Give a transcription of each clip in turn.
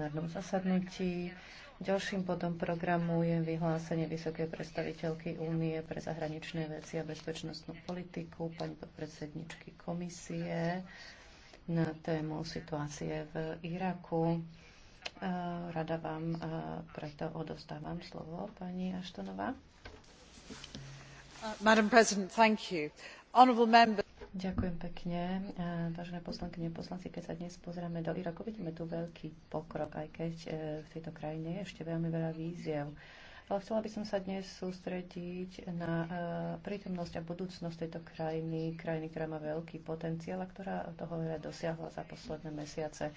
plenárnom zasadnutí. Ďalším bodom programu je vyhlásenie vysokej predstaviteľky únie pre zahraničné veci a bezpečnostnú politiku, pani podpredsedničky komisie na tému situácie v Iraku. E, rada vám e, preto odostávam slovo, pani Aštonová. Uh, Madam President, thank you. Honourable members. Ďakujem pekne. Vážené poslankyne, poslanci, keď sa dnes pozrieme do Iraku, vidíme tu veľký pokrok, aj keď e, v tejto krajine je ešte veľmi veľa víziev. Ale chcela by som sa dnes sústrediť na e, prítomnosť a budúcnosť tejto krajiny, krajiny, ktorá má veľký potenciál a ktorá toho veľa dosiahla za posledné mesiace. E,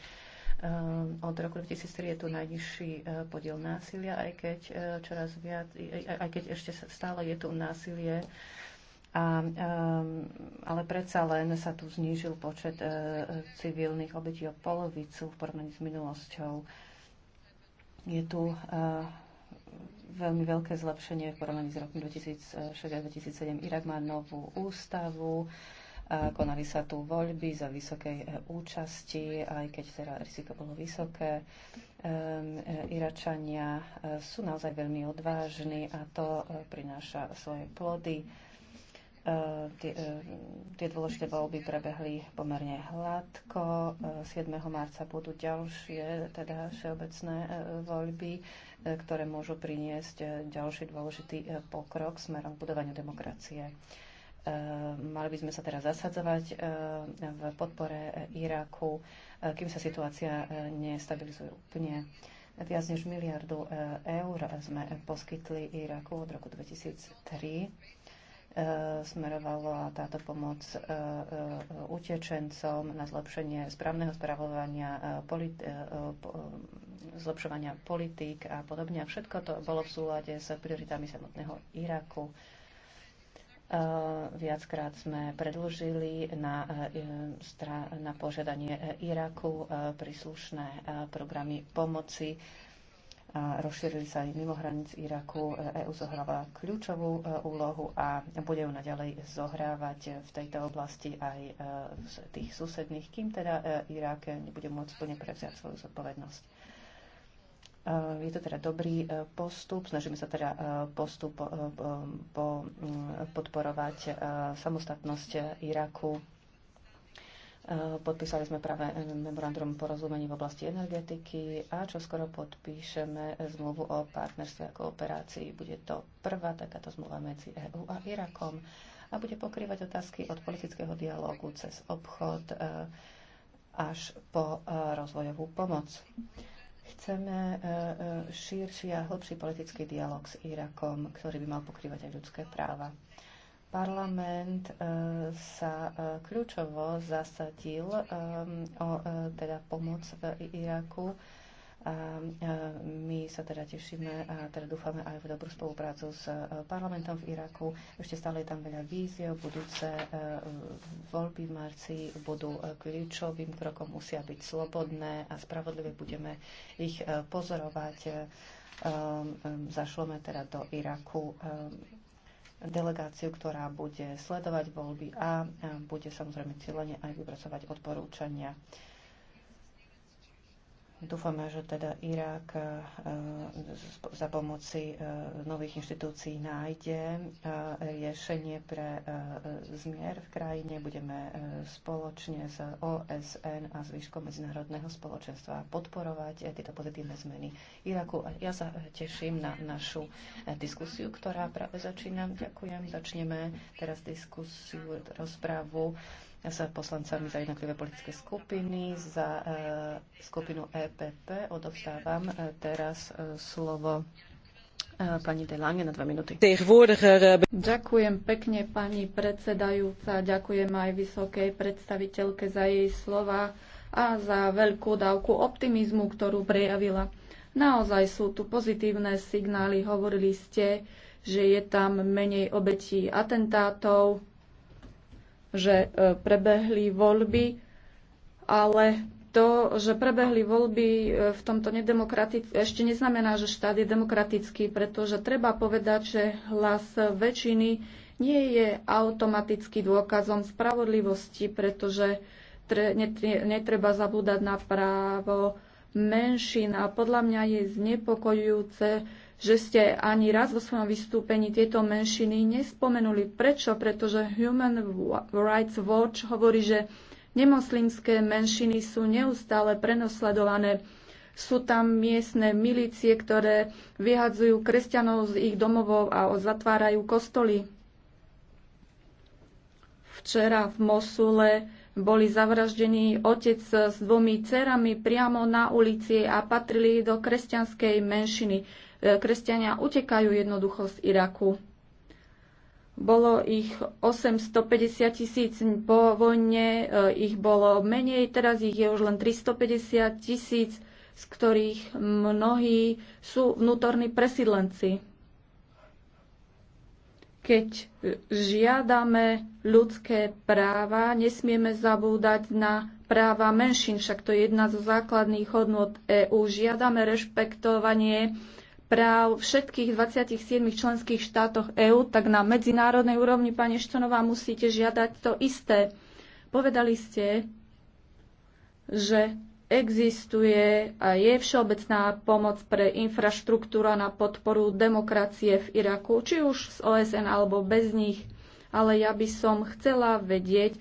od roku 2003 je tu najnižší podiel násilia, aj keď, čoraz viac, aj keď ešte stále je tu násilie a, um, ale predsa len sa tu znížil počet e, civilných obetí o polovicu v porovnaní s minulosťou. Je tu e, veľmi veľké zlepšenie v porovnaní s rokom 2006 a 2007. Irak má novú ústavu, a konali sa tu voľby za vysokej e, účasti, aj keď teda riziko bolo vysoké. Um, Iračania e, sú naozaj veľmi odvážni a to prináša svoje plody Ehm, tie, ehm, tie dôležité voľby prebehli pomerne hladko. 7. Ehm, marca budú ďalšie, teda všeobecné voľby, ktoré môžu priniesť ďalší dôležitý pokrok smerom k budovaniu demokracie. Mali by sme sa teraz zasadzovať v podpore Iraku, kým sa situácia nestabilizuje úplne. Viac než miliardu eur sme poskytli Iraku od roku 2003 E, smerovala táto pomoc e, e, utečencom na zlepšenie správneho spravovania, polit, zlepšovania politík a podobne. A všetko to bolo v súlade s prioritami samotného Iraku. Viackrát sme predlžili na, na požiadanie Iraku príslušné programy pomoci a rozšírili sa aj mimo hraníc Iraku. EU e zohráva kľúčovú e, úlohu a bude ju naďalej zohrávať v tejto oblasti aj z e, tých susedných, kým teda Irak nebude môcť plne prevziať svoju zodpovednosť. Je to teda dobrý postup, snažíme sa teda postup po, po, podporovať samostatnosť Iraku Eh, podpísali sme práve memorandum porozumení v oblasti energetiky a čo skoro podpíšeme zmluvu o partnerstve a kooperácii. Bude to prvá takáto zmluva medzi EÚ a Irakom a bude pokrývať otázky od politického dialógu cez obchod eh, až po eh, rozvojovú pomoc. Chceme širší a hlbší politický dialog s Irakom, ktorý by mal pokrývať aj ľudské práva. Parlament e, sa e, kľúčovo zasadil e, o teda pomoc Iraku. A my sa teda tešíme a teda dúfame aj v dobrú spoluprácu s parlamentom v Iraku. Ešte stále je tam veľa víziev. Budúce voľby v marci budú kľúčovým krokom, musia byť slobodné a spravodlivé. Budeme ich pozorovať. Zašlome teda do Iraku delegáciu, ktorá bude sledovať voľby a e, bude samozrejme cieľene aj vypracovať odporúčania. Dúfame, že teda Irak e, za pomoci e, nových inštitúcií nájde e, riešenie pre zmier v krajine. Budeme spoločne s OSN a zvyškom medzinárodného spoločenstva podporovať tieto pozitívne zmeny Iraku. Ja sa teším na našu diskusiu, ktorá práve začína. Ďakujem. Začneme teraz diskusiu, rozprávu s poslancami za jednotlivé politické skupiny. Za e, skupinu EPP odovzdávam e, teraz e, slovo pani De Lange na dva minúty. Eh, ďakujem pekne pani predsedajúca, ďakujem aj vysokej predstaviteľke za jej slova a za veľkú dávku optimizmu, ktorú prejavila. Naozaj sú tu pozitívne signály. Hovorili ste, že je tam menej obetí atentátov, že e, prebehli voľby, ale to, že prebehli voľby e, v tomto nedemokratickom, ešte neznamená, že štát je demokratický, pretože treba povedať, že hlas väčšiny nie je automaticky dôkazom spravodlivosti, pretože tre, netreba zabúdať na právo menšín a podľa mňa je znepokojujúce, že ste ani raz vo svojom vystúpení tieto menšiny nespomenuli. Prečo? Pretože Human Rights Watch hovorí, že nemoslimské menšiny sú neustále prenosledované. Sú tam miestne milície, ktoré vyhadzujú kresťanov z ich domovov a zatvárajú kostoly. Včera v Mosule boli zavraždení otec s dvomi cerami priamo na ulici a patrili do kresťanskej menšiny kresťania utekajú jednoducho z Iraku. Bolo ich 850 tisíc po vojne, eh, ich bolo menej, teraz ich je už len 350 tisíc, z ktorých mnohí sú vnútorní presídlenci. Keď žiadame ľudské práva, nesmieme zabúdať na práva menšín, však to je jedna zo základných hodnot EÚ. Žiadame rešpektovanie práv všetkých 27 členských štátoch EÚ, tak na medzinárodnej úrovni, pani Štonová, musíte žiadať to isté. Povedali ste, že existuje a je všeobecná pomoc pre infraštruktúra na podporu demokracie v Iraku, či už z OSN alebo bez nich. Ale ja by som chcela vedieť,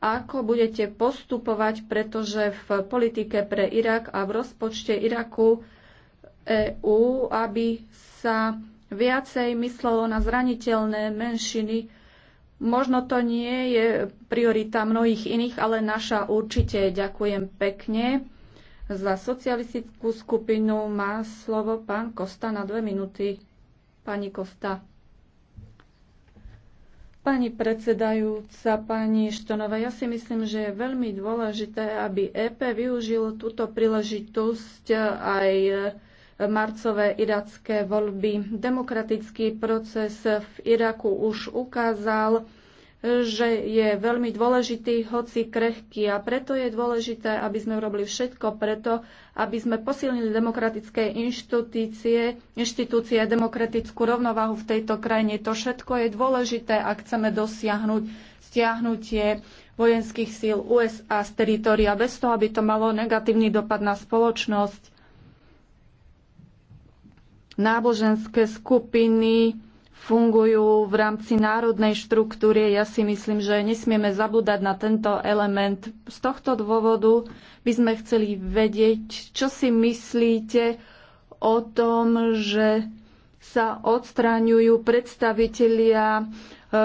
ako budete postupovať, pretože v politike pre Irak a v rozpočte Iraku EÚ, aby sa viacej myslelo na zraniteľné menšiny. Možno to nie je priorita mnohých iných, ale naša určite. Ďakujem pekne. Za socialistickú skupinu má slovo pán Kosta na dve minúty. Pani Kosta. Pani predsedajúca, pani Štonova, ja si myslím, že je veľmi dôležité, aby EP využil túto príležitosť aj marcové iracké voľby. Demokratický proces v Iraku už ukázal, že je veľmi dôležitý, hoci krehký. A preto je dôležité, aby sme urobili všetko preto, aby sme posilnili demokratické inštitúcie, inštitúcie demokratickú rovnováhu v tejto krajine. To všetko je dôležité, ak chceme dosiahnuť stiahnutie vojenských síl USA z teritoria bez toho, aby to malo negatívny dopad na spoločnosť náboženské skupiny fungujú v rámci národnej štruktúry. Ja si myslím, že nesmieme zabúdať na tento element. Z tohto dôvodu by sme chceli vedieť, čo si myslíte o tom, že sa odstráňujú predstavitelia e,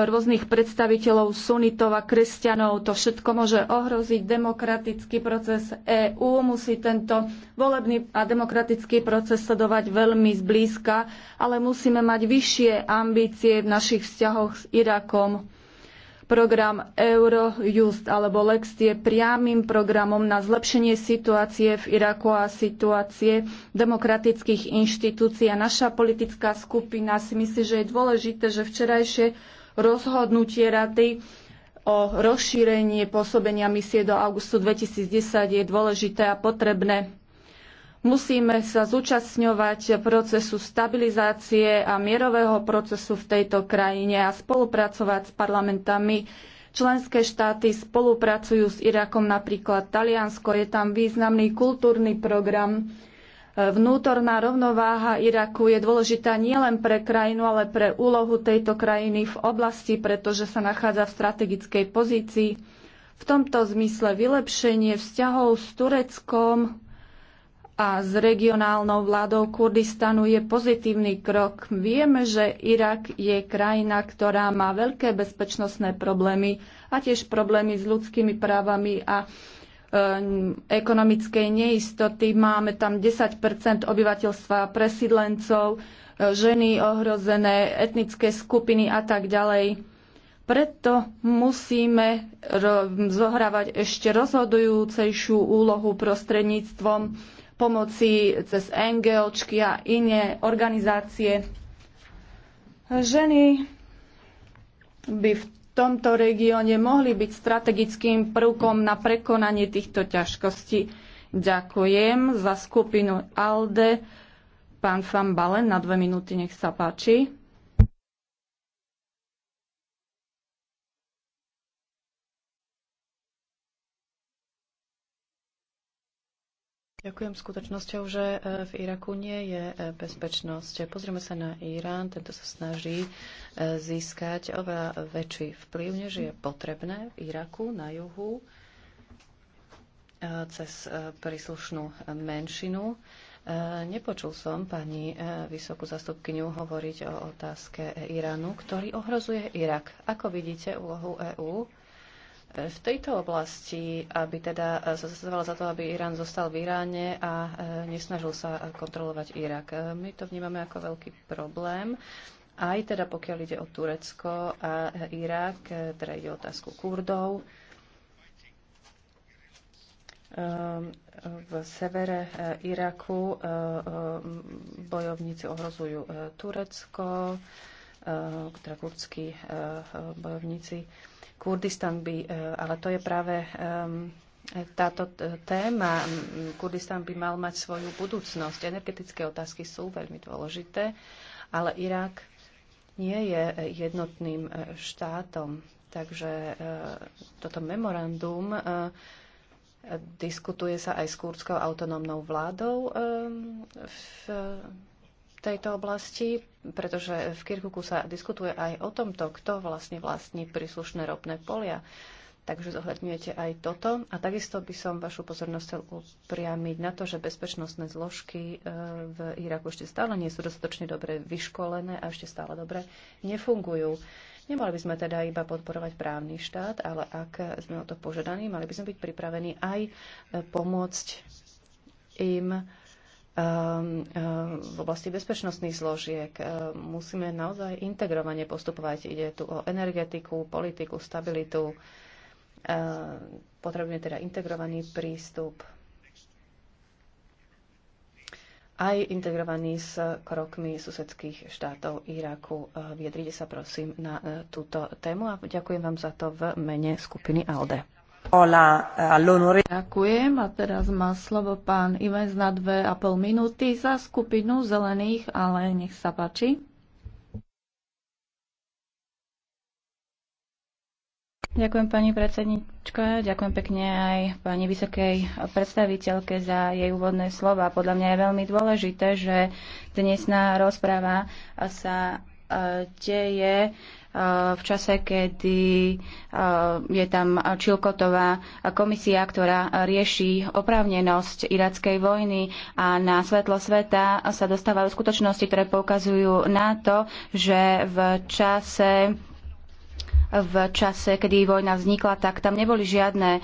rôznych predstaviteľov sunitov a kresťanov. To všetko môže ohroziť demokratický proces EÚ. Musí tento volebný a demokratický proces sledovať veľmi zblízka, ale musíme mať vyššie ambície v našich vzťahoch s Irakom. Program Eurojust alebo Lex je priamým programom na zlepšenie situácie v Iraku a situácie demokratických inštitúcií. A naša politická skupina si myslí, že je dôležité, že včerajšie rozhodnutie rady o rozšírenie pôsobenia misie do augustu 2010 je dôležité a potrebné. Musíme sa zúčastňovať procesu stabilizácie a mierového procesu v tejto krajine a spolupracovať s parlamentami. Členské štáty spolupracujú s Irakom, napríklad Taliansko. Je tam významný kultúrny program. Vnútorná rovnováha Iraku je dôležitá nielen pre krajinu, ale pre úlohu tejto krajiny v oblasti, pretože sa nachádza v strategickej pozícii. V tomto zmysle vylepšenie vzťahov s Tureckom a s regionálnou vládou Kurdistanu je pozitívny krok. Vieme, že Irak je krajina, ktorá má veľké bezpečnostné problémy a tiež problémy s ľudskými právami a e, ekonomickej neistoty. Máme tam 10 obyvateľstva presídlencov, e, ženy ohrozené, etnické skupiny a tak ďalej. Preto musíme zohrávať ešte rozhodujúcejšiu úlohu prostredníctvom pomoci cez NGOčky a iné organizácie. Ženy by v tomto regióne mohli byť strategickým prvkom na prekonanie týchto ťažkostí. Ďakujem za skupinu ALDE. Pán Fambalen, na dve minúty, nech sa páči. Ďakujem skutočnosťou, že e, v Iraku nie je e, bezpečnosť. Pozrieme sa na Irán, tento sa snaží e, získať oveľa väčší vplyv, než je potrebné v Iraku na juhu cez príslušnú menšinu. Nepočul som pani vysokú zastupkyňu hovoriť o otázke Iránu, ktorý ohrozuje Irak. Ako vidíte úlohu EÚ? v tejto oblasti, aby teda e, sa zasadzovala za to, aby Irán zostal v Iráne a e, nesnažil sa e, kontrolovať Irak. My to vnímame ako veľký problém. Aj teda pokiaľ ide o Turecko a Irak, teda ide o otázku Kurdov. Ehm, v severe Iraku bojovníci ohrozujú Turecko, teda kurdskí bojovníci Kurdistan by, e, ale to je práve e, táto téma. Kurdistan by mal mať svoju budúcnosť. Energetické otázky sú veľmi dôležité, ale Irak nie je e, jednotným štátom. Takže toto memorandum diskutuje sa aj s kurdskou autonómnou vládou v tejto oblasti pretože v Kirkuku sa diskutuje aj o tomto, kto vlastne vlastní príslušné ropné polia. Takže zohľadňujete aj toto. A takisto by som vašu pozornosť chcel upriamiť na to, že bezpečnostné zložky e, v Iraku ešte stále nie sú dostatočne dobre vyškolené a ešte stále dobre nefungujú. Nemali by sme teda iba podporovať právny štát, ale ak sme o to požiadaní, mali by sme byť pripravení aj e, pomôcť im Ehm, ehm, v oblasti bezpečnostných zložiek. Ehm, musíme naozaj integrovane postupovať. Ide tu o energetiku, politiku, stabilitu. Potrebujeme teda integrovaný prístup aj integrovaný s krokmi susedských štátov Iraku. Viedrite sa prosím na e, túto tému a ďakujem vám za to v mene skupiny ALDE. Eh, ďakujem a teraz má slovo pán Ivens na dve a pol minúty za skupinu zelených, ale nech sa páči. Ďakujem pani predsednička, ďakujem pekne aj pani vysokej predstaviteľke za jej úvodné slova. Podľa mňa je veľmi dôležité, že dnesná rozpráva sa eh, deje v čase, kedy eh, je tam Čilkotová komisia, ktorá rieši oprávnenosť irackej vojny a na svetlo sveta sa dostávajú skutočnosti, ktoré poukazujú na to, že v čase v čase, kedy vojna vznikla, tak tam neboli žiadne eh,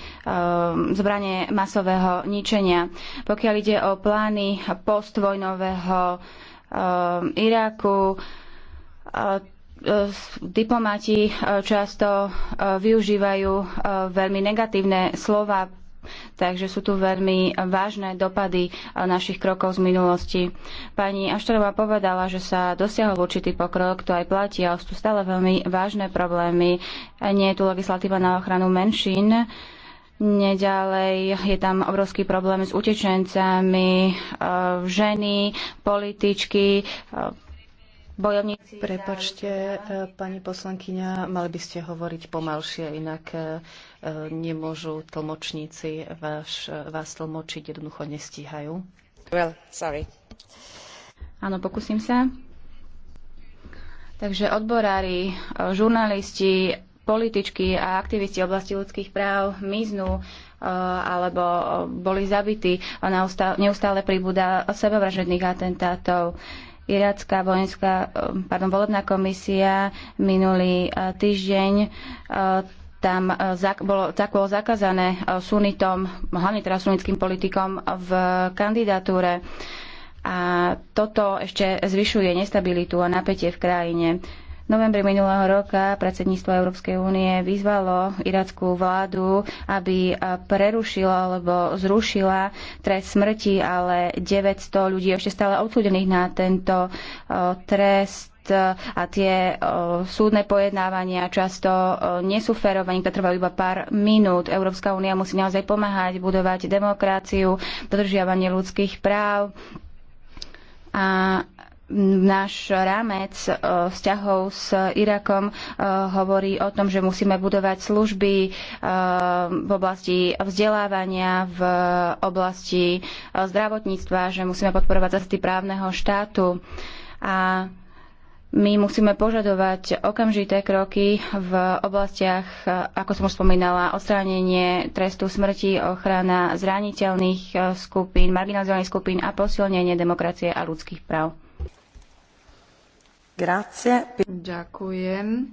zbranie masového ničenia. Pokiaľ ide o plány postvojnového eh, Iraku, Eh, Diplomáti eh, často eh, využívajú veľmi negatívne slova, takže sú tu veľmi vážne dopady našich krokov z minulosti. Pani Ašterová povedala, že sa dosiahol určitý pokrok, to aj platí, ale sú tu stále veľmi vážne problémy. Nie je tu legislatíva na ochranu menšín, Neďalej je tam obrovský problém s utečencami, ženy, političky, bojovníci... Prepačte, e, pani poslankyňa, mali by ste hovoriť pomalšie, inak e, nemôžu tlmočníci vás, vás tlmočiť, jednoducho nestíhajú. Well, sorry. Áno, pokúsim sa. Takže odborári, e, žurnalisti, političky a aktivisti oblasti ľudských práv miznú alebo boli zabití. Neustále pribúda sebevražedných atentátov. Iracká vojenská, um, pardon, volebná komisia minulý uh, týždeň uh, tam uh, bolo, tak bolo zakázané sunitom, hlavne teraz sunitským politikom v kandidatúre. A toto ešte zvyšuje nestabilitu a napätie v krajine novembri minulého roka predsedníctvo Európskej únie vyzvalo irackú vládu, aby e, prerušila alebo zrušila trest smrti, ale 900 ľudí ešte stále odsúdených na tento e, trest e, a tie súdne pojednávania často nie sú férové, trvajú iba pár minút. Európska únia musí naozaj pomáhať budovať demokraciu, dodržiavanie ľudských práv a náš rámec e, vzťahov s Irakom e, hovorí o tom, že musíme budovať služby e, v oblasti vzdelávania, v oblasti zdravotníctva, že musíme podporovať cesty právneho štátu. A my musíme požadovať okamžité kroky v oblastiach, ako som už spomínala, odstránenie trestu smrti, ochrana zraniteľných skupín, marginalizovaných skupín a posilnenie demokracie a ľudských práv. Grazie. Ďakujem.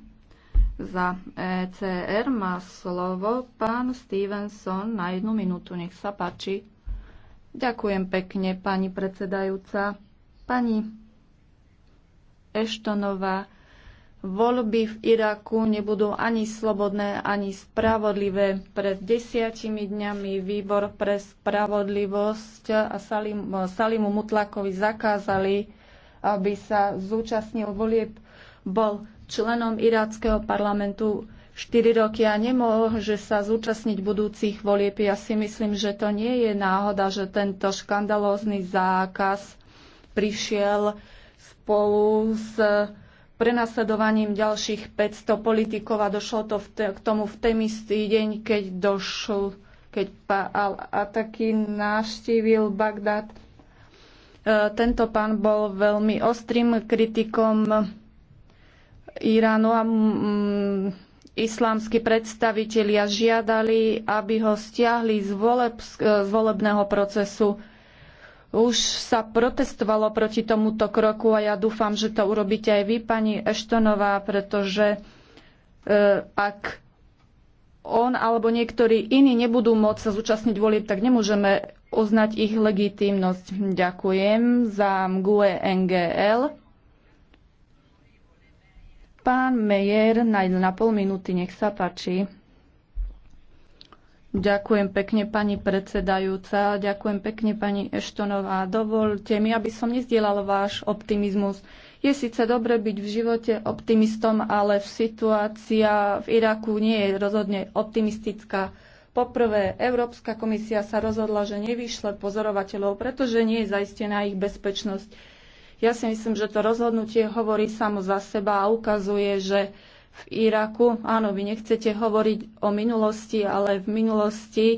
Za ECR má slovo pán Stevenson na jednu minútu. Nech sa páči. Ďakujem pekne, pani predsedajúca. Pani Eštonová, voľby v Iraku nebudú ani slobodné, ani spravodlivé. Pred desiatimi dňami výbor pre spravodlivosť a Salimu Mutlakovi zakázali aby sa zúčastnil volieb. Bol členom iráckého parlamentu 4 roky a nemôže sa zúčastniť budúcich volieb. Ja si myslím, že to nie je náhoda, že tento škandalózny zákaz prišiel spolu s prenasledovaním ďalších 500 politikov a došlo to k tomu v ten istý deň, keď došlo, keď pa a taký navštívil Bagdad tento pán bol veľmi ostrým kritikom Iránu a mm, islámsky predstavitelia žiadali, aby ho stiahli z, voleb, z volebného procesu. Už sa protestovalo proti tomuto kroku a ja dúfam, že to urobíte aj vy, pani Eštonová, pretože e, ak on alebo niektorí iní nebudú môcť sa zúčastniť volieb, tak nemôžeme uznať ich legitímnosť. Ďakujem za MGUE NGL. Pán Mejer, na pol minúty, nech sa páči. Ďakujem pekne, pani predsedajúca. Ďakujem pekne, pani Eštonová. Dovolte mi, aby som nezdielal váš optimizmus. Je síce dobre byť v živote optimistom, ale situácia v Iraku nie je rozhodne optimistická. Poprvé, Európska komisia sa rozhodla, že nevyšle pozorovateľov, pretože nie je zaistená ich bezpečnosť. Ja si myslím, že to rozhodnutie hovorí samo za seba a ukazuje, že v Iraku, áno, vy nechcete hovoriť o minulosti, ale v minulosti e,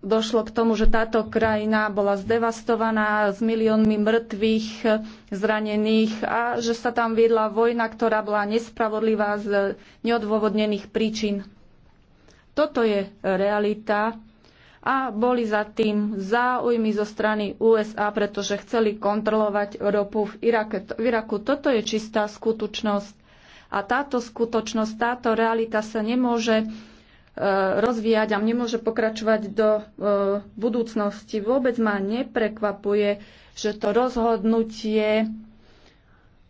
došlo k tomu, že táto krajina bola zdevastovaná s miliónmi mŕtvych, e, zranených a že sa tam viedla vojna, ktorá bola nespravodlivá z neodôvodnených príčin. Toto je realita a boli za tým záujmy zo strany USA, pretože chceli kontrolovať ropu v, Irake, v Iraku. Toto je čistá skutočnosť. A táto skutočnosť, táto realita sa nemôže e, rozvíjať a nemôže pokračovať do e, budúcnosti. Vôbec ma neprekvapuje, že to rozhodnutie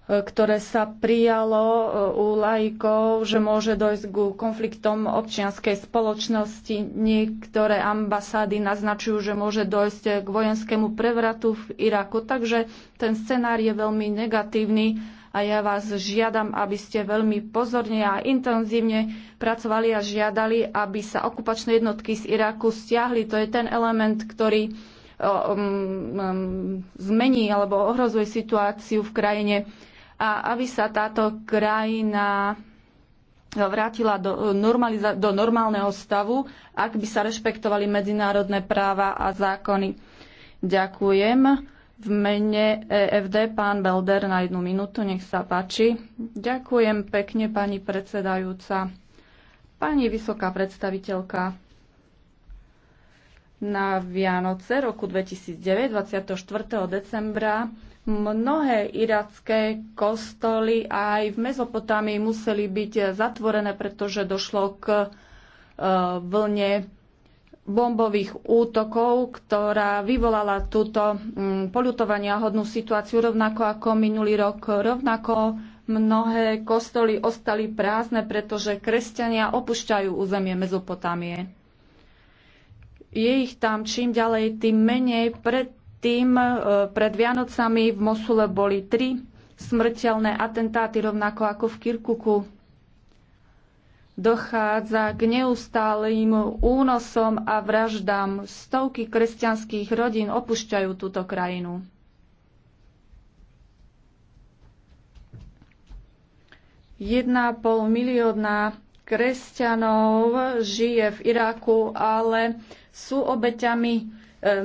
ktoré sa prijalo e, u laikov, že môže dojsť ku konfliktom občianskej spoločnosti. Niektoré ambasády naznačujú, že môže dojsť k vojenskému prevratu v Iraku. Takže ten scenár je veľmi negatívny a ja vás žiadam, aby ste veľmi pozorne a intenzívne pracovali a žiadali, aby sa okupačné jednotky z Iraku stiahli. To je ten element, ktorý e, um, um, zmení alebo ohrozuje situáciu v krajine a aby sa táto krajina vrátila do, normaliza- do normálneho stavu, ak by sa rešpektovali medzinárodné práva a zákony. Ďakujem. V mene EFD pán Belder na jednu minútu, nech sa páči. Ďakujem pekne, pani predsedajúca. Pani vysoká predstaviteľka, na Vianoce roku 2009, 24. decembra, Mnohé iracké kostoly aj v Mezopotámii museli byť zatvorené, pretože došlo k e, vlne bombových útokov, ktorá vyvolala túto mm, polutovania hodnú situáciu rovnako ako minulý rok. Rovnako mnohé kostoly ostali prázdne, pretože kresťania opúšťajú územie Mezopotámie. Je ich tam čím ďalej, tým menej, pred tým e, pred Vianocami v Mosule boli tri smrteľné atentáty, rovnako ako v Kirkuku. Dochádza k neustálým únosom a vraždám. Stovky kresťanských rodín opúšťajú túto krajinu. Jedná pol milióna kresťanov žije v Iraku, ale sú obeťami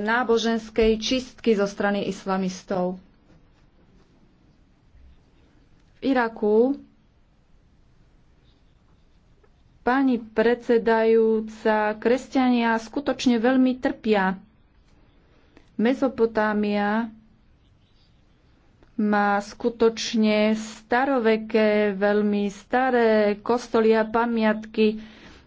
náboženskej čistky zo strany islamistov. V Iraku Pani predsedajúca, kresťania skutočne veľmi trpia. Mezopotámia má skutočne staroveké, veľmi staré kostoly a pamiatky.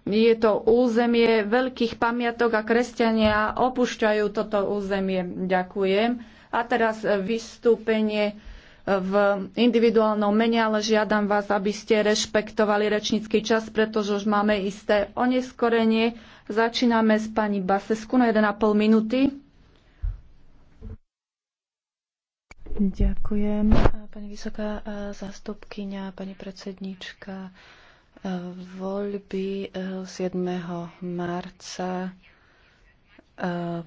Je to územie veľkých pamiatok a kresťania opúšťajú toto územie. Ďakujem. A teraz vystúpenie v individuálnom mene, ale žiadam vás, aby ste rešpektovali rečnícky čas, pretože už máme isté oneskorenie. Začíname s pani Basesku na 1,5 minúty. Ďakujem, pani vysoká eh, zástupkyňa, pani predsednička. Voľby 7. Eh, marca eh,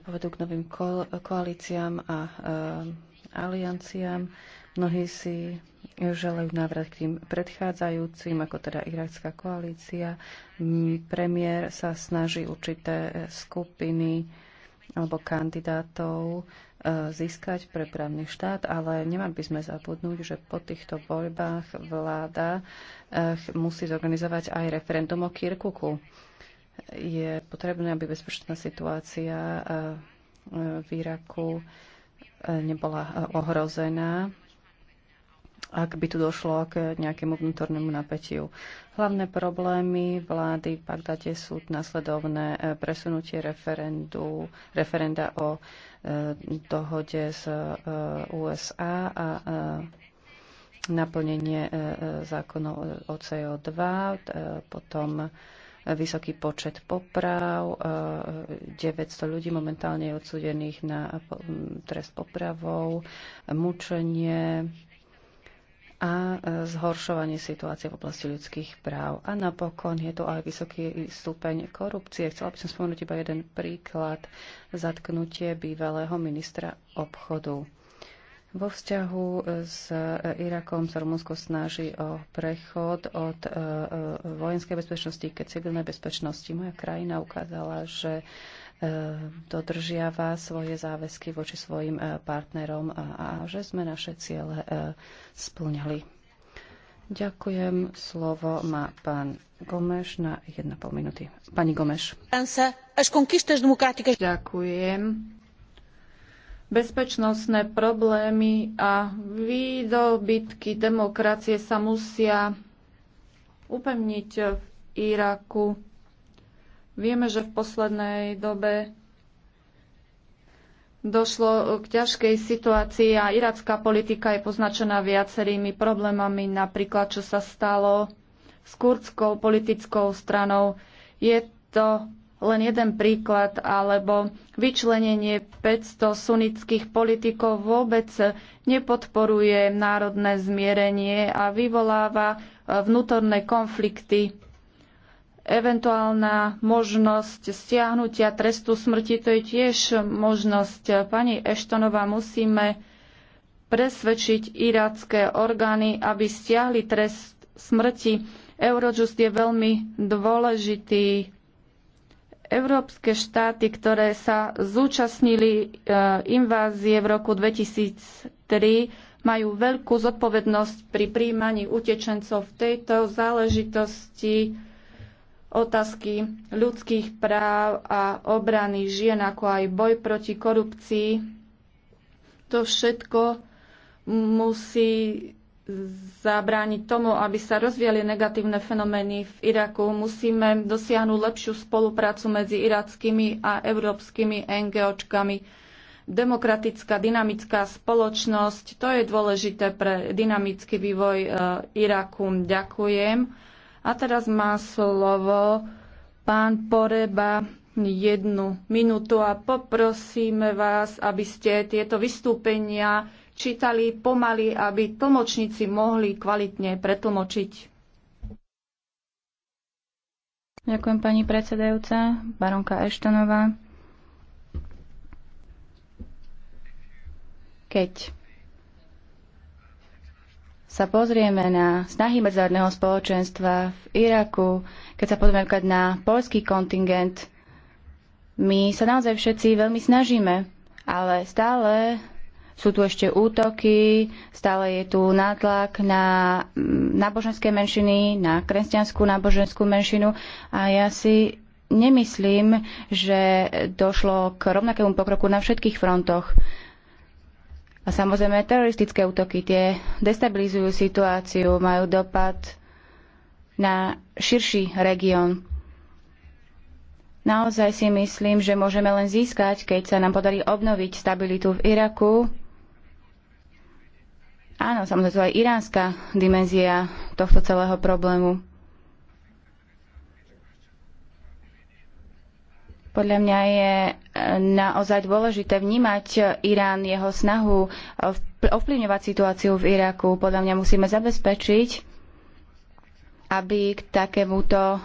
povedú k novým koalíciám a eh, alianciám. Mnohí si želajú návrat k tým predchádzajúcim, ako teda iracká koalícia. Mm, premiér sa snaží určité skupiny alebo kandidátov získať pre právny štát, ale nemali by sme zabudnúť, že po týchto voľbách vláda eh, musí zorganizovať aj referendum o Kirkuku. Je potrebné, aby bezpečná situácia eh, v Iraku eh, nebola ohrozená ak by tu došlo k nejakému vnútornému napätiu. Hlavné problémy vlády v Bagdade sú nasledovné e, presunutie referendu, referenda o e, dohode z e, USA a e, naplnenie e, e, zákonov o CO2, potom vysoký počet poprav, 900 ľudí momentálne je odsudených na trest popravou, mučenie, a e, zhoršovanie situácie v oblasti ľudských práv. A napokon je tu aj vysoký stupeň korupcie. Chcela by som spomenúť iba jeden príklad. Zatknutie bývalého ministra obchodu. Vo vzťahu s Irakom sa Rumunsko snaží o prechod od e, e, vojenskej bezpečnosti ke civilnej bezpečnosti. Moja krajina ukázala, že E, dodržiava svoje záväzky voči svojim e, partnerom a, a že sme naše ciele e, splňali. Ďakujem. Slovo má pán Gomeš na 1,5 minúty. Pani Gomeš. Ďakujem bezpečnostné problémy a výdobytky demokracie sa musia upevniť v Iraku. Vieme, že v poslednej dobe došlo k ťažkej situácii a iracká politika je poznačená viacerými problémami, napríklad čo sa stalo s kurdskou politickou stranou. Je to len jeden príklad, alebo vyčlenenie 500 sunnických politikov vôbec nepodporuje národné zmierenie a vyvoláva vnútorné konflikty. Eventuálna možnosť stiahnutia trestu smrti, to je tiež možnosť. Pani Eštonová, musíme presvedčiť irácké orgány, aby stiahli trest smrti. Eurojust je veľmi dôležitý. Európske štáty, ktoré sa zúčastnili e, invázie v roku 2003, majú veľkú zodpovednosť pri príjmaní utečencov v tejto záležitosti otázky ľudských práv a obrany žien, ako aj boj proti korupcii. To všetko musí zabrániť tomu, aby sa rozvíjali negatívne fenomény v Iraku. Musíme dosiahnuť lepšiu spoluprácu medzi irackými a európskymi NGOčkami. Demokratická, dynamická spoločnosť, to je dôležité pre dynamický vývoj e, Iraku. Ďakujem. A teraz má slovo pán Poreba jednu minútu a poprosíme vás, aby ste tieto vystúpenia čítali pomaly, aby tlmočníci mohli kvalitne pretlmočiť. Ďakujem pani predsedajúca, baronka Eštanová. Keď sa pozrieme na snahy medzinárodného spoločenstva v Iraku, keď sa pozrieme na polský kontingent, my sa naozaj všetci veľmi snažíme, ale stále sú tu ešte útoky, stále je tu nátlak na mm, náboženské menšiny, na kresťanskú náboženskú menšinu a ja si nemyslím, že došlo k rovnakému pokroku na všetkých frontoch. A samozrejme teroristické útoky, tie destabilizujú situáciu, majú dopad na širší región. Naozaj si myslím, že môžeme len získať, keď sa nám podarí obnoviť stabilitu v Iraku. Áno, samozrejme, to aj iránska dimenzia tohto celého problému. Podľa mňa je e, naozaj dôležité vnímať Irán, jeho snahu e, ovplyvňovať situáciu v Iraku. Podľa mňa musíme zabezpečiť, aby k takémuto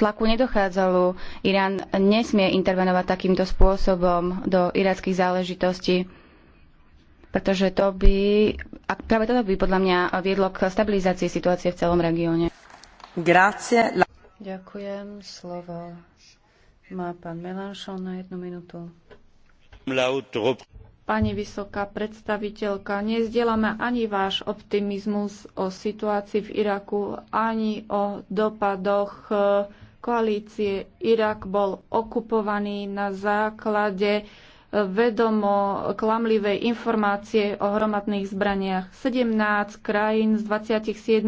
tlaku nedochádzalo. Irán nesmie intervenovať takýmto spôsobom do irackých záležitostí, pretože to by, a práve toto by podľa mňa viedlo k stabilizácii situácie v celom regióne. Grazie. Ďakujem. Slovo má pán Melanchon na jednu minútu. Pani vysoká predstaviteľka, nezdielame ani váš optimizmus o situácii v Iraku, ani o dopadoch e, koalície. Irak bol okupovaný na základe e, vedomo klamlivej informácie o hromadných zbraniach. 17 krajín z 27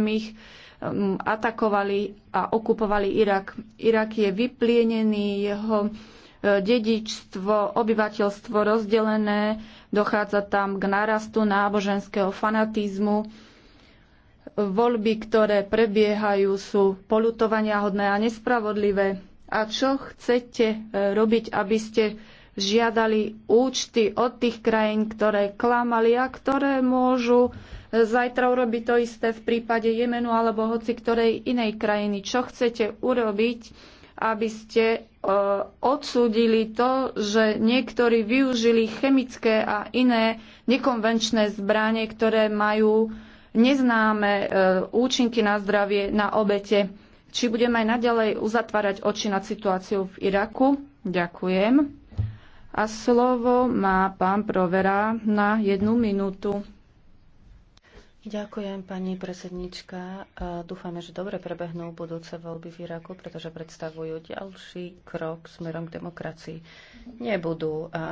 Um, atakovali a okupovali Irak. Irak je vyplienený, jeho uh, dedičstvo, obyvateľstvo rozdelené, dochádza tam k narastu náboženského fanatizmu. Voľby, ktoré prebiehajú, sú polutovania hodné a nespravodlivé. A čo chcete uh, robiť, aby ste žiadali účty od tých krajín, ktoré klamali a ktoré môžu zajtra urobiť to isté v prípade Jemenu alebo hoci ktorej inej krajiny. Čo chcete urobiť, aby ste e, odsúdili to, že niektorí využili chemické a iné nekonvenčné zbranie, ktoré majú neznáme e, účinky na zdravie, na obete. Či budeme aj naďalej uzatvárať oči nad situáciou v Iraku? Ďakujem. A slovo má pán Provera na jednu minútu. Ďakujem, pani predsednička. E, dúfame, že dobre prebehnú budúce voľby v Iraku, pretože predstavujú ďalší krok smerom k demokracii. Nebudú a, e, e,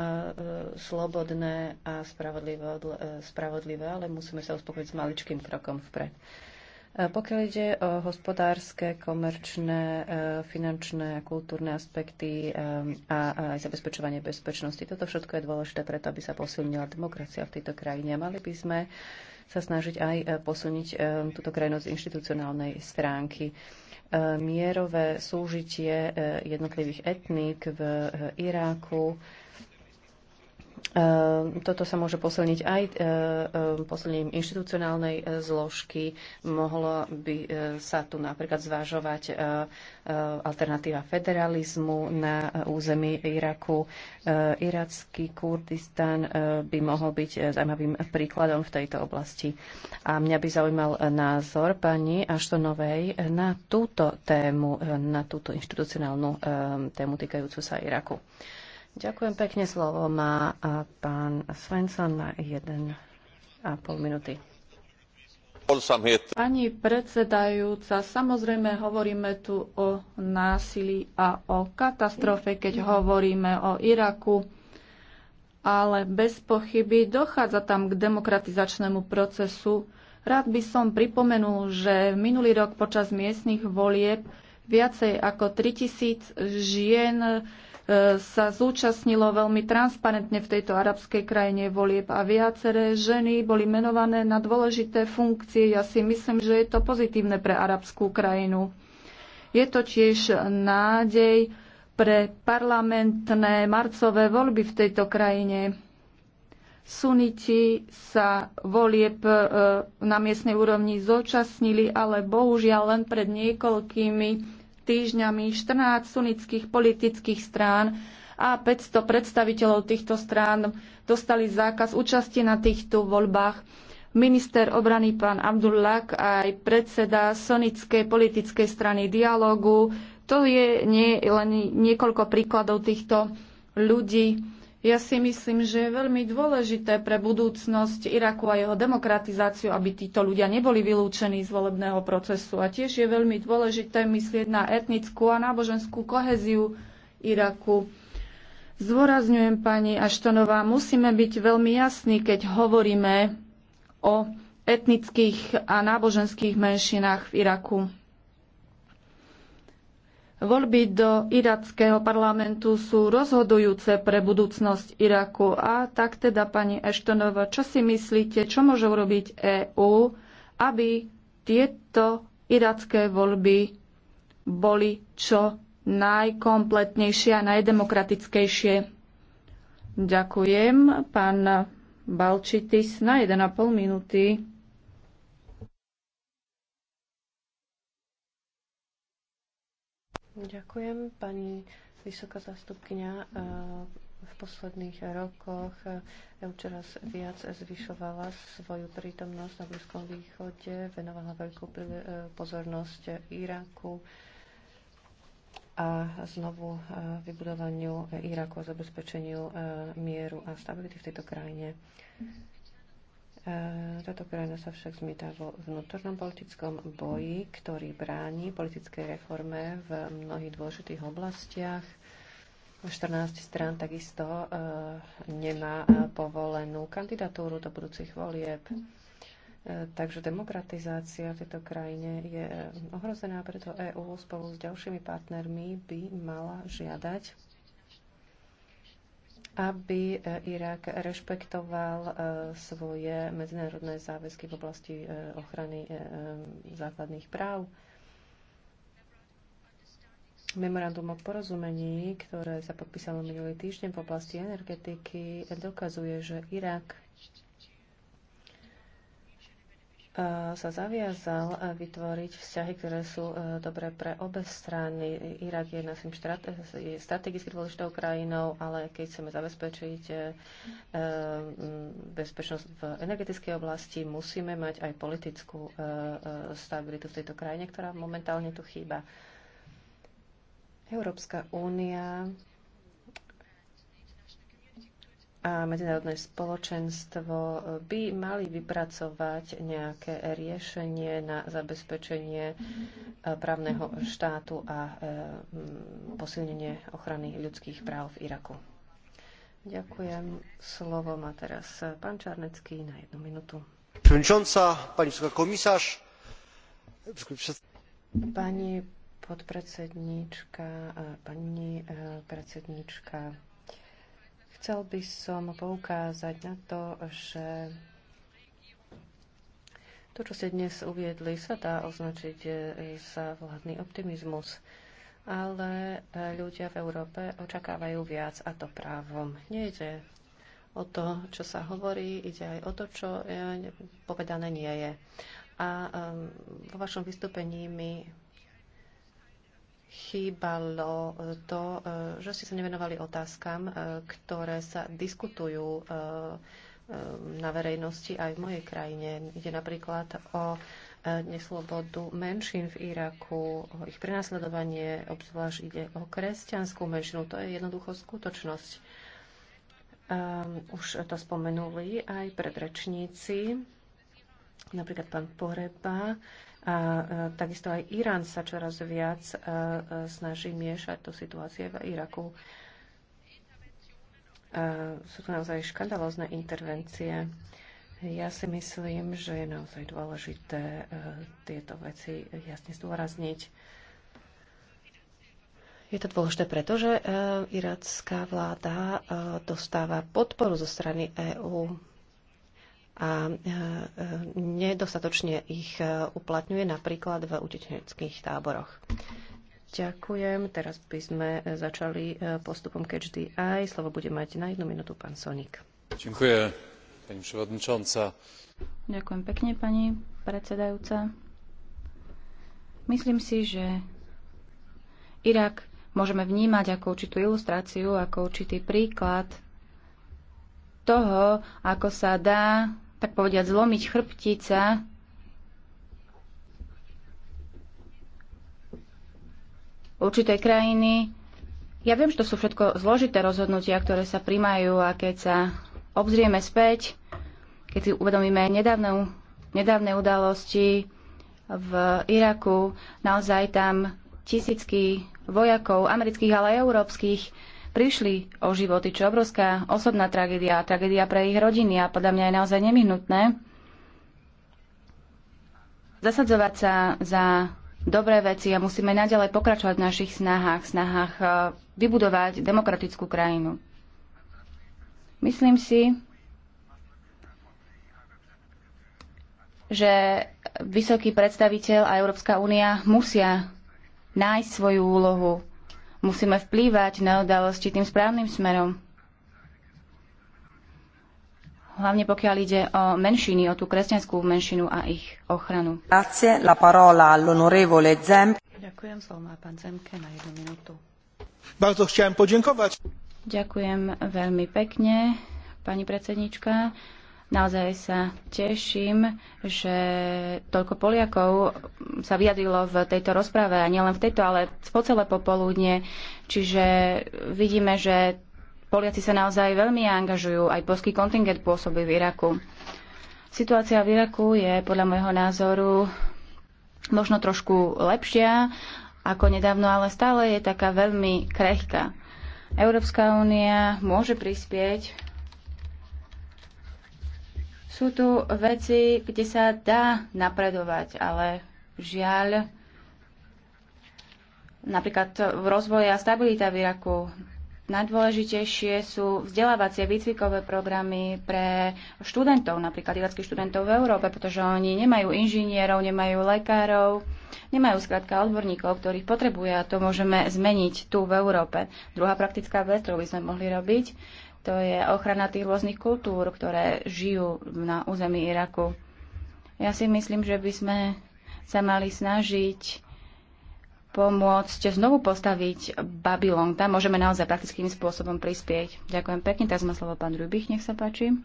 slobodné a spravodlivé, spravodlivé, ale musíme sa uspokojiť s maličkým krokom vpred. Pokiaľ ide o hospodárske, komerčné, finančné a kultúrne aspekty a aj zabezpečovanie bezpečnosti, toto všetko je dôležité preto, aby sa posilnila demokracia v tejto krajine. Mali by sme sa snažiť aj e, posuniť e, túto krajinu z inštitucionálnej stránky. E, mierové súžitie jednotlivých etník v Iráku Ehm, toto sa môže posilniť aj e, e, posilnením inštitucionálnej e, zložky. Mohlo by sa tu napríklad zvažovať alternatíva federalizmu na území Iraku. Iracký Kurdistan by mohol byť zaujímavým príkladom v tejto oblasti. A mňa by zaujímal názor pani Aštonovej na túto tému, na túto inštitucionálnu tému týkajúcu sa Iraku. Ďakujem pekne. Slovo má pán Svensson na 1,5 minúty. Pani predsedajúca, samozrejme hovoríme tu o násilí a o katastrofe, keď hovoríme o Iraku, ale bez pochyby dochádza tam k demokratizačnému procesu. Rád by som pripomenul, že minulý rok počas miestnych volieb viacej ako 3000 žien sa zúčastnilo veľmi transparentne v tejto arabskej krajine volieb a viaceré ženy boli menované na dôležité funkcie. Ja si myslím, že je to pozitívne pre arabskú krajinu. Je to tiež nádej pre parlamentné marcové voľby v tejto krajine. Suniti sa volieb e, na miestnej úrovni zúčastnili, ale bohužiaľ len pred niekoľkými týždňami 14 sunnických politických strán a 500 predstaviteľov týchto strán dostali zákaz účasti na týchto voľbách. Minister obrany pán Abdullah a aj predseda sonickej politickej strany dialogu. To je nie, len niekoľko príkladov týchto ľudí ja si myslím, že je veľmi dôležité pre budúcnosť Iraku a jeho demokratizáciu, aby títo ľudia neboli vylúčení z volebného procesu. A tiež je veľmi dôležité myslieť na etnickú a náboženskú koheziu Iraku. Zvorazňujem, pani Aštonová, musíme byť veľmi jasní, keď hovoríme o etnických a náboženských menšinách v Iraku. Voľby do irackého parlamentu sú rozhodujúce pre budúcnosť Iraku. A tak teda, pani Eštonova, čo si myslíte, čo môže urobiť EÚ, aby tieto iracké voľby boli čo najkompletnejšie a najdemokratickejšie? Ďakujem, pán Balčitis, na 1,5 minúty. Ďakujem, pani vysoká zastupkňa. E, v posledných rokoch EU čoraz viac zvyšovala svoju prítomnosť na Blízkom východe, venovala veľkú e, pozornosť Iraku a znovu e, vybudovaniu Iraku a zabezpečeniu mieru a stability v tejto krajine. E, Táto krajina sa však zmieta vo vnútornom politickom boji, ktorý bráni politickej reforme v mnohých dôležitých oblastiach. 14 strán takisto e, nemá povolenú kandidatúru do budúcich volieb. E, Takže demokratizácia v tejto krajine je ohrozená, preto EÚ spolu s ďalšími partnermi by mala žiadať aby e, Irak rešpektoval e, svoje medzinárodné záväzky v oblasti e, ochrany základných práv. Memorandum o porozumení, ktoré sa podpísalo minulý týždeň v oblasti energetiky, dokazuje, že Irak E, sa zaviazal e, vytvoriť vzťahy, ktoré sú e, dobré pre obe strany. Irak je našim je strategicky dôležitou krajinou, ale keď chceme zabezpečiť bezpečnosť v energetickej oblasti, musíme mať aj politickú stabilitu v tejto krajine, ktorá momentálne tu chýba. Európska únia a medzinárodné spoločenstvo by mali vypracovať nejaké riešenie na zabezpečenie e, právneho štátu a e, posilnenie ochrany ľudských práv v Iraku. Ďakujem. Slovo má teraz pán Čarnecký na jednu minútu. Pani podpredsedníčka, e, pani predsedníčka Chcel by som poukázať na to, že to, čo ste dnes uviedli, sa dá označiť e, za vládny optimizmus. Ale e, ľudia v Európe očakávajú viac a to právom. Nejde o to, čo sa hovorí, ide aj o to, čo e, povedané nie je. A vo vašom vystúpení mi chýbalo to, e, že ste sa nevenovali otázkam, e, ktoré sa diskutujú e, na verejnosti aj v mojej krajine. Ide napríklad o neslobodu menšín v Iraku, o ich prenasledovanie, obzvlášť ide o kresťanskú menšinu. To je jednoducho skutočnosť. Um, už to spomenuli aj predrečníci, napríklad pán Poreba. A e, takisto aj Irán sa čoraz viac e, e, snaží miešať do situácie v Iraku. Sú to naozaj škandalózne intervencie. Ja si myslím, že je naozaj dôležité tieto veci jasne zdôrazniť. Je to dôležité, pretože iracká vláda dostáva podporu zo strany EÚ a e, e, nedostatočne ich e, uplatňuje napríklad v utečeneckých táboroch. Ďakujem. Teraz by sme začali postupom Catch the Eye. Slovo bude mať na jednu minútu pán Sonik. Ďakujem, pani przewodnicząca. Ďakujem pekne, pani predsedajúca. Myslím si, že Irak môžeme vnímať ako určitú ilustráciu, ako určitý príklad toho, ako sa dá tak povediať, zlomiť chrbtica určitej krajiny. Ja viem, že to sú všetko zložité rozhodnutia, ktoré sa primajú a keď sa obzrieme späť, keď si uvedomíme nedávne, nedávne udalosti v Iraku, naozaj tam tisícky vojakov, amerických, ale aj európskych, prišli o životy, čo obrovská osobná tragédia, tragédia pre ich rodiny a podľa mňa je naozaj nevyhnutné zasadzovať sa za dobré veci a musíme naďalej pokračovať v našich snahách, snahách e, vybudovať demokratickú krajinu. Myslím si, že vysoký predstaviteľ a Európska únia musia nájsť svoju úlohu Musíme vplývať na udalosti tým správnym smerom. Hlavne pokiaľ ide o menšiny, o tú kresťanskú menšinu a ich ochranu. Ďakujem, slovo má pán Zemke na jednu minútu. Bardzo chciałem podziękować. Ďakujem veľmi pekne, pani predsednička. Naozaj sa teším, že toľko Poliakov sa vyjadrilo v tejto rozprave a nielen v tejto, ale po celé popoludne. Čiže vidíme, že Poliaci sa naozaj veľmi angažujú, aj polský kontingent pôsobí v Iraku. Situácia v Iraku je podľa môjho názoru možno trošku lepšia ako nedávno, ale stále je taká veľmi krehká. Európska únia môže prispieť sú tu veci, kde sa dá napredovať, ale žiaľ, napríklad rozvoji a stabilita v Iraku, Najdôležitejšie sú vzdelávacie výcvikové programy pre študentov, napríklad irackých študentov v Európe, pretože oni nemajú inžinierov, nemajú lekárov, nemajú skrátka odborníkov, ktorých potrebuje a to môžeme zmeniť tu v Európe. Druhá praktická vec, ktorú by sme mohli robiť, to je ochrana tých rôznych kultúr, ktoré žijú na území Iraku. Ja si myslím, že by sme sa mali snažiť pomôcť znovu postaviť Babylon. Tam môžeme naozaj praktickým spôsobom prispieť. Ďakujem pekne. Teraz má slovo pán Rubich, nech sa páči.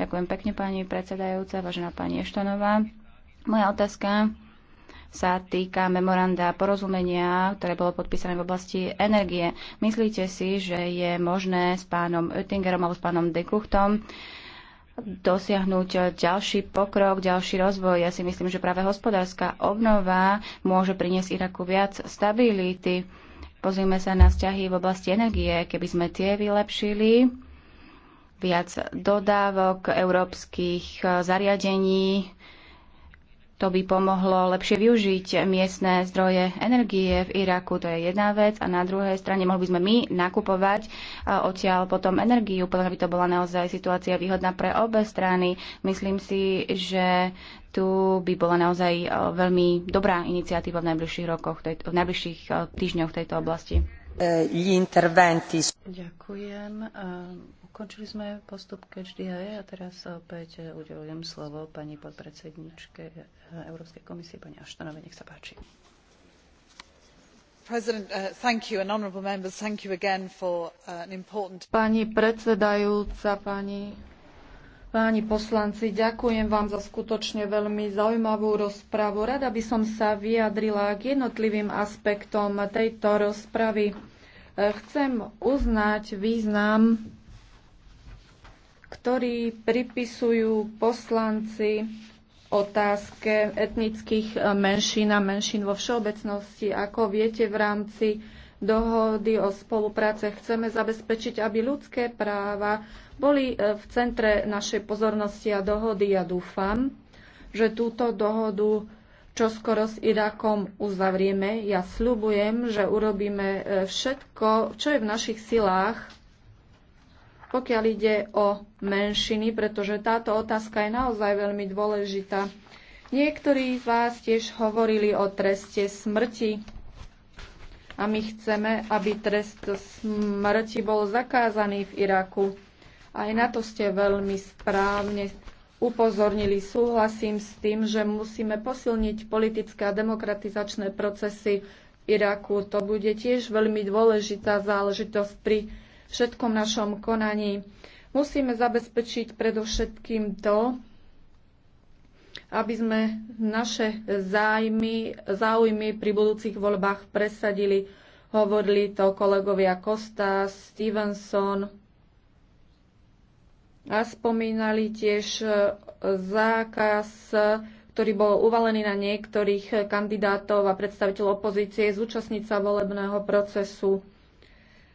Ďakujem pekne, pani predsedajúca, vážená pani Eštanová. Moja otázka sa týka memoranda porozumenia, ktoré bolo podpísané v oblasti energie. Myslíte si, že je možné s pánom Oettingerom alebo s pánom Dekuchtom dosiahnuť ďalší pokrok, ďalší rozvoj. Ja si myslím, že práve hospodárska obnova môže priniesť Iraku viac stability. Pozrime sa na vzťahy v oblasti energie. Keby sme tie vylepšili, viac dodávok európskych eh, zariadení, to by pomohlo lepšie využiť miestne zdroje energie v Iraku, to je jedna vec. A na druhej strane mohli by sme my nakupovať e, odtiaľ potom energiu, potom by to bola naozaj situácia výhodná pre obe strany. Myslím si, že tu by bola naozaj e, veľmi dobrá iniciatíva v najbližších rokoch, v najbližších e, týždňoch v tejto oblasti. Ďakujem Končili sme postup KHDI a teraz opäť udelujem slovo pani podpredsedničke Európskej komisie, pani Aštanovej. Nech sa páči. Uh, uh, pani predsedajúca, pani, páni poslanci, ďakujem vám za skutočne veľmi zaujímavú rozpravu. Rada by som sa vyjadrila k jednotlivým aspektom tejto rozpravy. Chcem uznať význam ktorý pripisujú poslanci otázke etnických e, menšín a menšín vo všeobecnosti. Ako viete, v rámci dohody o spolupráce chceme zabezpečiť, aby ľudské práva boli e, v centre našej pozornosti a dohody. Ja dúfam, že túto dohodu čo skoro s Irakom uzavrieme. Ja sľubujem, že urobíme e, všetko, čo je v našich silách, pokiaľ ide o menšiny, pretože táto otázka je naozaj veľmi dôležitá. Niektorí z vás tiež hovorili o treste smrti a my chceme, aby trest smrti bol zakázaný v Iraku. Aj na to ste veľmi správne upozornili. Súhlasím s tým, že musíme posilniť politické a demokratizačné procesy v Iraku. To bude tiež veľmi dôležitá záležitosť pri všetkom našom konaní. Musíme zabezpečiť predovšetkým to, aby sme naše zájmy, záujmy pri budúcich voľbách presadili. Hovorili to kolegovia Kosta, Stevenson a spomínali tiež e, zákaz, ktorý bol uvalený na niektorých kandidátov a predstaviteľov opozície zúčastniť sa volebného procesu.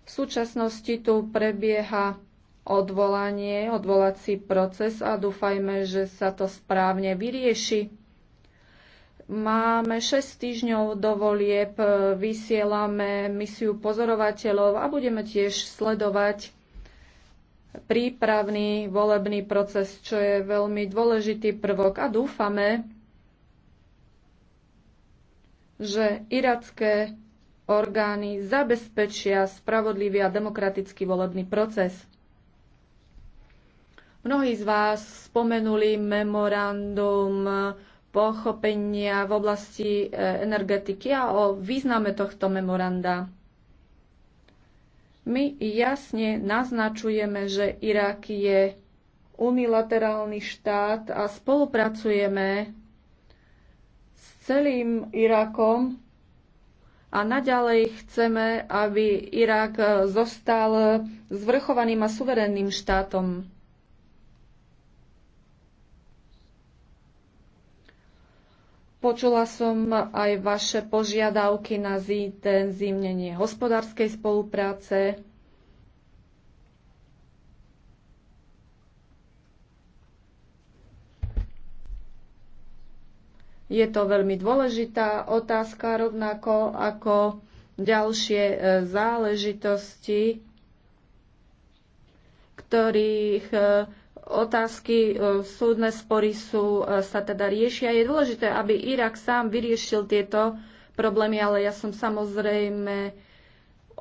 V súčasnosti tu prebieha odvolanie, odvolací proces a dúfajme, že sa to správne vyrieši. Máme 6 týždňov do volieb, vysielame misiu pozorovateľov a budeme tiež sledovať prípravný volebný proces, čo je veľmi dôležitý prvok a dúfame, že iracké orgány zabezpečia spravodlivý a demokratický volebný proces. Mnohí z vás spomenuli memorandum pochopenia v oblasti e, energetiky a o význame tohto memoranda. My jasne naznačujeme, že Irak je unilaterálny štát a spolupracujeme s celým Irakom a naďalej chceme, aby Irak e, zostal zvrchovaným a suverénnym štátom. Počula som aj vaše požiadavky na zintenzívnenie hospodárskej spolupráce Je to veľmi dôležitá otázka, rovnako ako ďalšie e, záležitosti, ktorých e, otázky, e, súdne spory sú, sa teda riešia. Je dôležité, aby Irak sám vyriešil tieto problémy, ale ja som samozrejme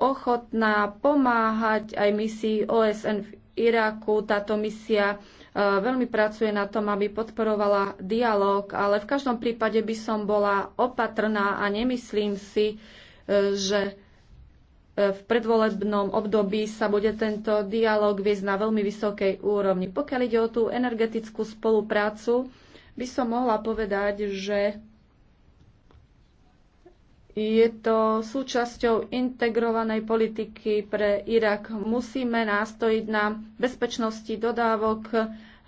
ochotná pomáhať aj misii OSN v Iraku. Táto misia E, veľmi pracuje na tom, aby podporovala dialog, ale v každom prípade by som bola opatrná a nemyslím si, e, že e, v predvolebnom období sa bude tento dialog viesť na veľmi vysokej úrovni. Pokiaľ ide o tú energetickú spoluprácu, by som mohla povedať, že je to súčasťou integrovanej politiky pre Irak. Musíme nástojiť na bezpečnosti dodávok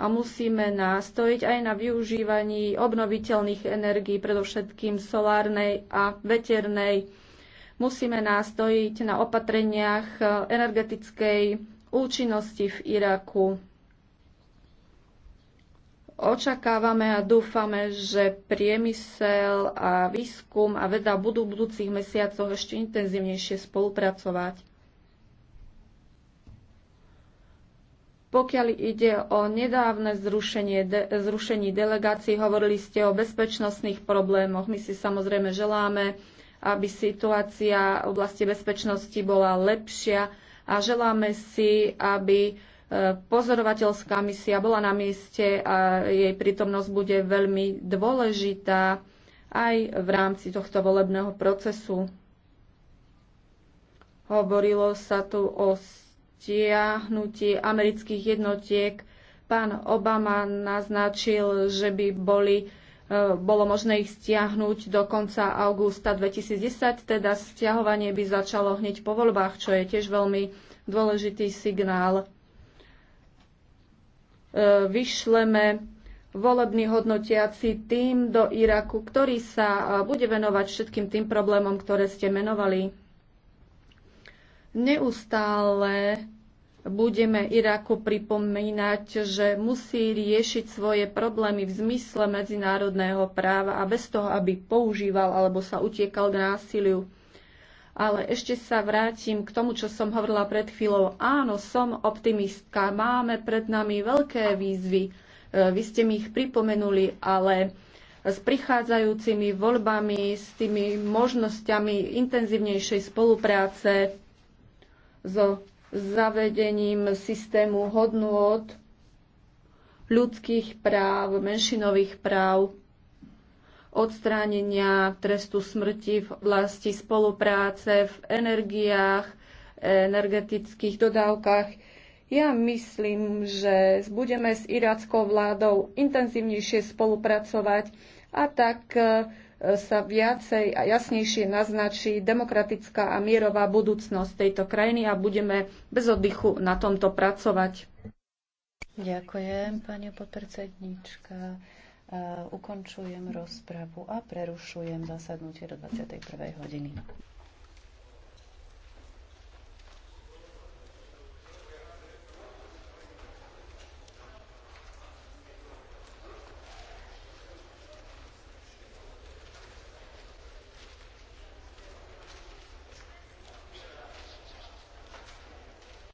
a musíme nástojiť aj na využívaní obnoviteľných energií, predovšetkým solárnej a veternej. Musíme nástojiť na opatreniach eh, energetickej účinnosti v Iraku. Očakávame a dúfame, že priemysel a výskum a veda budú v budúcich mesiacoch ešte intenzívnejšie spolupracovať. Pokiaľ ide o nedávne zrušenie, de, zrušení delegácií, hovorili ste o bezpečnostných problémoch. My si samozrejme želáme, aby situácia v oblasti bezpečnosti bola lepšia a želáme si, aby e, pozorovateľská misia bola na mieste a jej prítomnosť bude veľmi dôležitá aj v rámci tohto volebného procesu. Hovorilo sa tu o stiahnutí amerických jednotiek. Pán Obama naznačil, že by boli, e, bolo možné ich stiahnuť do konca augusta 2010, teda stiahovanie by začalo hneď po voľbách, čo je tiež veľmi dôležitý signál. E, vyšleme volebný hodnotiaci tým do Iraku, ktorý sa e, bude venovať všetkým tým problémom, ktoré ste menovali. Neustále budeme Iraku pripomínať, že musí riešiť svoje problémy v zmysle medzinárodného práva a bez toho, aby používal alebo sa utiekal k násiliu. Ale ešte sa vrátim k tomu, čo som hovorila pred chvíľou. Áno, som optimistka, máme pred nami veľké výzvy. E, vy ste mi ich pripomenuli, ale s prichádzajúcimi voľbami, s tými možnosťami intenzívnejšej spolupráce, so zavedením systému hodnôt ľudských práv, menšinových práv, odstránenia trestu smrti v oblasti spolupráce v energiách, energetických dodávkach. Ja myslím, že budeme s irackou vládou intenzívnejšie spolupracovať a tak eh, sa viacej a jasnejšie naznačí demokratická a mierová budúcnosť tejto krajiny a budeme bez oddychu na tomto pracovať. Ďakujem, pani podpredsednička. Ukončujem rozpravu a prerušujem zasadnutie do 21. hodiny.